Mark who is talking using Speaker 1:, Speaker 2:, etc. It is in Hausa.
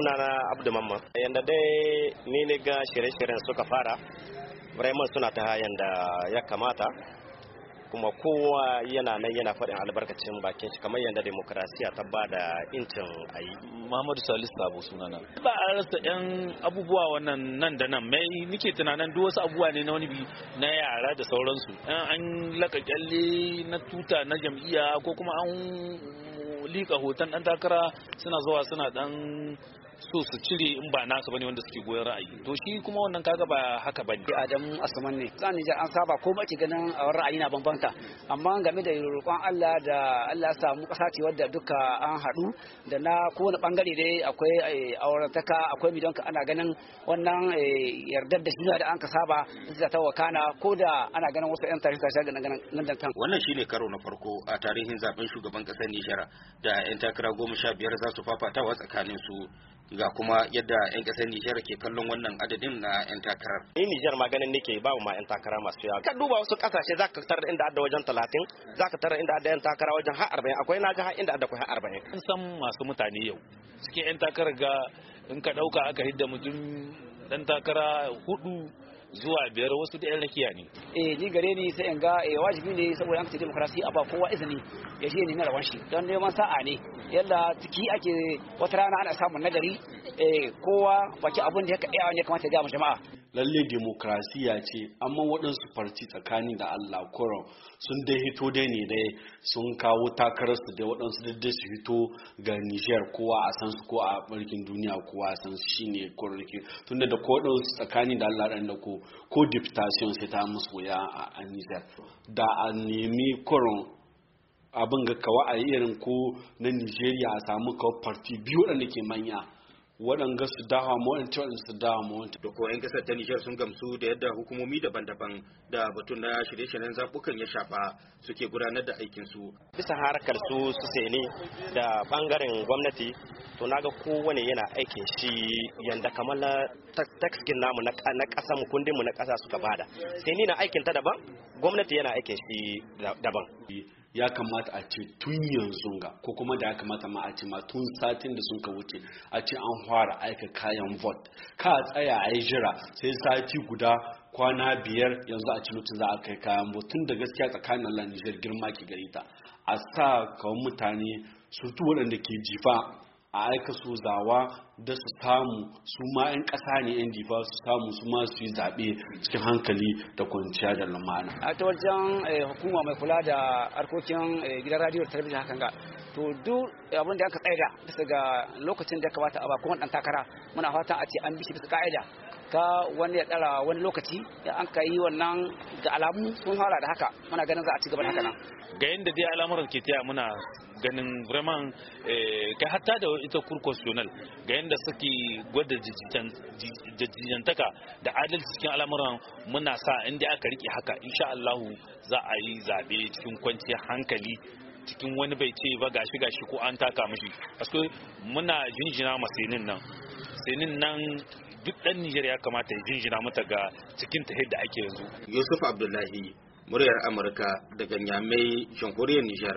Speaker 1: na abdu mamman yadda dai ni ne ga shirye-shiryen suka fara vraiment suna ta hayan da ya kamata kuma kowa yana nan yana faɗin albarkacin bakin shi kamar yadda demokrasiya ta ba da incin a yi. Muhammadu Salisu
Speaker 2: suna sunana. Ba a rasa 'yan abubuwa wannan nan da nan mai nike tunanin duk wasu abubuwa ne na wani bi na yara da sauransu. An lakakyalle na tuta na jam'iyya ko kuma an liƙa hoton dan takara suna zuwa suna ɗan so su cire in ba nasu bane wanda suke goyon ra'ayi to shi kuma wannan kaga ba haka bane adam Asman ne
Speaker 3: zan ji an saba ko ba ki ganin ra'ayi na bambanta amma game da roƙon Allah da Allah ya samu ƙasa ce wadda duka an haɗu da na kowane bangare dai akwai eh, aurataka akwai midon ana ganin wannan eh, yardar da shi da an ka saba
Speaker 1: zai ta wakana ko da ana ganin wasu 'yan tarihi tashi ga nan da wannan shine karo na farko a tarihin zaben shugaban ƙasar Nijar da 'yan takara goma sha biyar za su fafatawa tsakanin su ga kuma yadda 'yan kasar Nijar ke kallon wannan adadin na 'yan takarar. Ni Nijar ma ganin nake ba ma 'yan takara masu yawa. Ka duba wasu ƙasashe za ka tarar inda adda wajen talatin, za ka tarar inda adda 'yan takara wajen har 40, akwai na ga har inda adda har 40.
Speaker 2: An san masu mutane yau, suke 'yan takarar ga in ka ɗauka aka hidda mutum ɗan takara hudu zuwa biyar wasu da yan rakiya ne
Speaker 3: eh ni gare ni sai in ga eh wajibi ne saboda an kace demokrasi a ba kowa izini ya je ne na rawan shi don neman sa'a ne yalla ciki ake wata rana ana samun nagari
Speaker 4: eh kowa baki abin da ya kamata ya ga jama'a lalle demokrasiya ce amma waɗansu farci tsakani da allah kuran sun dai hito dai ne dai sun kawo takararsu da waɗansu dai su hito ga niger kowa a san su ko a barkin duniya kowa a san su ne kurriki tunda da ko waɗansu tsakani da allah ɗan da ko ko deputation sai ta musu wuya a niger da a nemi kuran abin ga kawai a irin ko na nigeria a samu kawai farti biyu waɗanda ke manya waɗanga su dawa ma wani su dawa ma Da koyan kasar ta Nijar sun gamsu da yadda hukumomi daban-daban da batun na shirye-shiryen zaɓukan ya shafa suke gudanar da aikinsu.
Speaker 1: Bisa harkar su su ne da ɓangaren gwamnati to naga kowane yana aikin shi yanda kamar taksgin namu na ƙasa mu kundin na ƙasa suka bada.
Speaker 4: ni na aikin ta daban gwamnati yana aikin shi daban. ya kamata a ce tun yanzu ga ko kuma da ya kamata ma a ce ma tun satin da sun ka wuce a ce an fara aika kayan vote ka tsaya a yi jira sai sati guda kwana biyar yanzu a ci za a kai kayan vote tun da gaskiya tsakanin Allah Nijar girma ke gari ta a sa kawai mutane surutu waɗanda ke jifa a aika su zawa da su samu su ma 'yan ƙasa ne 'yan jifa su samu su ma su yi zaɓe cikin hankali da kwanciya da lumana.
Speaker 3: a ta wajen eh, hukuma mai kula da harkokin eh, gidan radiyo da talabijin hakan ga to duk abin da aka tsaida bisa ga lokacin da ya kamata a ba kuma ɗan takara muna fatan a ce an bi shi bisa ka'ida ta wani ya ɗara wani lokaci ya an ka yi wannan ga alamu sun fara da haka muna ganin za a ci gaba da haka nan.
Speaker 2: ga yadda dai al'amuran ke taya muna ganin vraiment eh, kai hatta da ita kurkosional ga yadda suke gwada jijjantaka da adalci cikin al'amuran muna sa inda aka rike haka insha Allahu za a yi zabe cikin kwanciyar hankali cikin wani bai ce ba gashi gashi ko an taka mashi asko muna jinjina ma senin nan senin nan duk dan Nijar ya kamata ya jinjina mata ga cikin ta da ake yanzu Yusuf Abdullahi muryar Amurka daga Nyamai jamhuriyar Nijar